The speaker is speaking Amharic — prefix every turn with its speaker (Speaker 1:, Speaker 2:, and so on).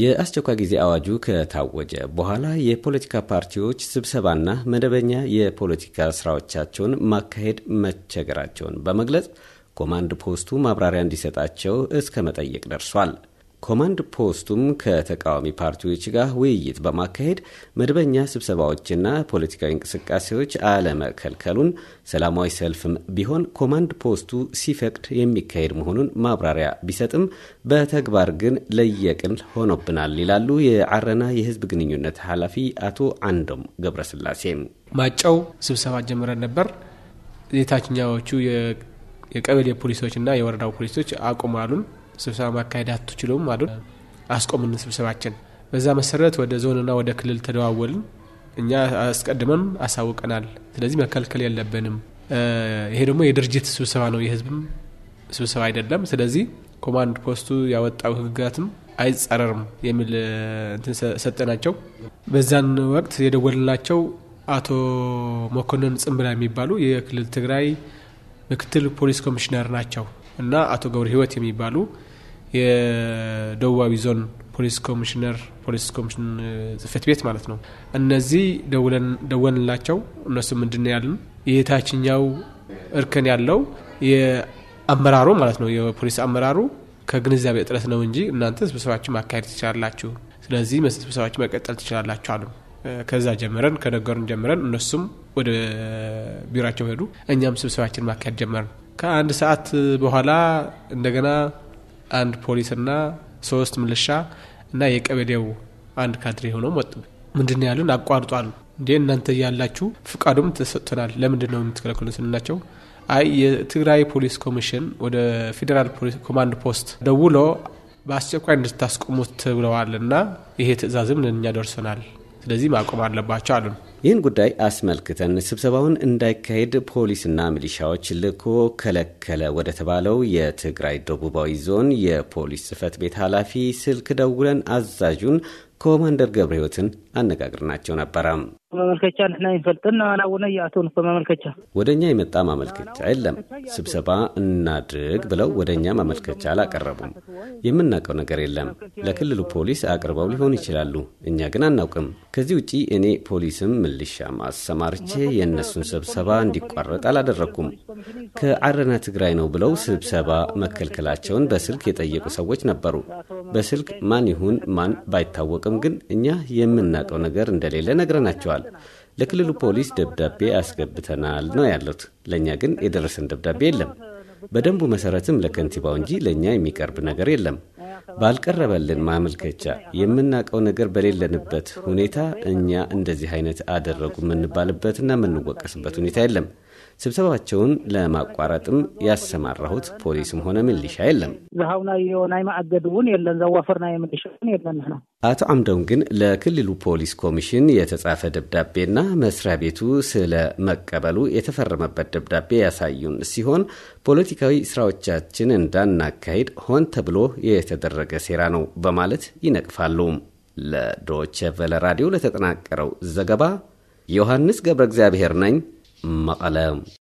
Speaker 1: የአስቸኳይ ጊዜ አዋጁ ከታወጀ በኋላ የፖለቲካ ፓርቲዎች ስብሰባና መደበኛ የፖለቲካ ስራዎቻቸውን ማካሄድ መቸገራቸውን በመግለጽ ኮማንድ ፖስቱ ማብራሪያ እንዲሰጣቸው እስከ መጠየቅ ደርሷል። ኮማንድ ፖስቱም ከተቃዋሚ ፓርቲዎች ጋር ውይይት በማካሄድ መደበኛ ስብሰባዎችና ፖለቲካዊ እንቅስቃሴዎች አለመከልከሉን፣ ሰላማዊ ሰልፍም ቢሆን ኮማንድ ፖስቱ ሲፈቅድ የሚካሄድ መሆኑን ማብራሪያ ቢሰጥም በተግባር ግን ለየቅል ሆኖብናል ይላሉ የአረና የህዝብ ግንኙነት ኃላፊ አቶ አንዶም ገብረስላሴ።
Speaker 2: ማጫው ስብሰባ ጀምረን ነበር። የታችኛዎቹ የቀበሌ ፖሊሶችና የወረዳው ፖሊሶች አቁማሉን ስብሰባ ማካሄድ አትችሉም አሉን። አስቆምን ስብሰባችን። በዛ መሰረት ወደ ዞንና ወደ ክልል ተደዋወልን። እኛ አስቀድመን አሳውቀናል። ስለዚህ መከልከል የለብንም። ይሄ ደግሞ የድርጅት ስብሰባ ነው፣ የህዝብም ስብሰባ አይደለም። ስለዚህ ኮማንድ ፖስቱ ያወጣው ህግጋትም አይጸረርም የሚል እንትን ሰጠናቸው። በዛን ወቅት የደወልናቸው አቶ መኮንን ጽምብላ የሚባሉ የክልል ትግራይ ምክትል ፖሊስ ኮሚሽነር ናቸው እና አቶ ገብረ ህይወት የሚባሉ የደቡባዊ ዞን ፖሊስ ኮሚሽነር ፖሊስ ኮሚሽን ጽህፈት ቤት ማለት ነው። እነዚህ ደወንላቸው እነሱ ምንድን ያለን? የታችኛው እርከን ያለው የአመራሩ ማለት ነው የፖሊስ አመራሩ ከግንዛቤ እጥረት ነው እንጂ እናንተ ስብሰባችሁ ማካሄድ ትችላላችሁ፣ ስለዚህ ስብሰባችሁ መቀጠል ትችላላችሁ አሉ። ከዛ ጀምረን ከነገሩን ጀምረን እነሱም ወደ ቢሮቸው ሄዱ። እኛም ስብሰባችን ማካሄድ ጀመርን። ከአንድ ሰዓት በኋላ እንደገና አንድ ፖሊስና ሶስት ምልሻ እና የቀበሌው አንድ ካድሬ ሆነው ወጡብን። ምንድን ያሉን አቋርጧል እንዴ እናንተ ያላችሁ ፍቃዱም ተሰጥቶናል፣ ለምንድን ነው የምትከለክሉ ስንላቸው አይ የትግራይ ፖሊስ ኮሚሽን ወደ ፌዴራል ፖሊስ ኮማንድ ፖስት ደውሎ በአስቸኳይ እንድታስቆሙት ብለዋል እና ይሄ ትዕዛዝም ለእኛ ደርሶናል፣ ስለዚህ ማቆም አለባቸው አሉን።
Speaker 1: ይህን ጉዳይ አስመልክተን ስብሰባውን እንዳይካሄድ ፖሊስና ሚሊሻዎች ልኮ ከለከለ ወደ ተባለው የትግራይ ደቡባዊ ዞን የፖሊስ ጽህፈት ቤት ኃላፊ ስልክ ደውለን አዛዡን ኮማንደር ገብረ ህይወትን አነጋግርናቸው ነበረ። ማመልከቻ ንሕና አላውነ የአቶን ማመልከቻ ወደ እኛ የመጣ ማመልከቻ የለም። ስብሰባ እናድርግ ብለው ወደ እኛ ማመልከቻ አላቀረቡም። የምናውቀው ነገር የለም። ለክልሉ ፖሊስ አቅርበው ሊሆን ይችላሉ። እኛ ግን አናውቅም። ከዚህ ውጪ እኔ ፖሊስም ምልሻ ማሰማርቼ የእነሱን ስብሰባ እንዲቋረጥ አላደረግኩም። ከአረና ትግራይ ነው ብለው ስብሰባ መከልከላቸውን በስልክ የጠየቁ ሰዎች ነበሩ። በስልክ ማን ይሁን ማን ባይታወቅም አናውቅም፣ ግን እኛ የምናውቀው ነገር እንደሌለ ነግረናቸዋል። ለክልሉ ፖሊስ ደብዳቤ አስገብተናል ነው ያሉት። ለእኛ ግን የደረሰን ደብዳቤ የለም። በደንቡ መሰረትም ለከንቲባው እንጂ ለእኛ የሚቀርብ ነገር የለም። ባልቀረበልን ማመልከቻ የምናውቀው ነገር በሌለንበት ሁኔታ እኛ እንደዚህ አይነት አደረጉ የምንባልበትና የምንወቀስበት ሁኔታ የለም። ስብሰባቸውን ለማቋረጥም ያሰማራሁት ፖሊስም ሆነ ሚሊሻ የለም። ዝሀውና የሆናይ ማእገድ እውን የለን ዘዋፈርና የሚሊሻ የለን ነው አቶ አምደውን ግን ለክልሉ ፖሊስ ኮሚሽን የተጻፈ ደብዳቤና መስሪያ ቤቱ ስለ መቀበሉ የተፈረመበት ደብዳቤ ያሳዩን ሲሆን ፖለቲካዊ ስራዎቻችን እንዳናካሄድ ሆን ተብሎ የተደረገ ሴራ ነው በማለት ይነቅፋሉ። ለዶቼ ራዲዮ ለተጠናቀረው ዘገባ ዮሐንስ ገብረ እግዚአብሔር ነኝ መቀለም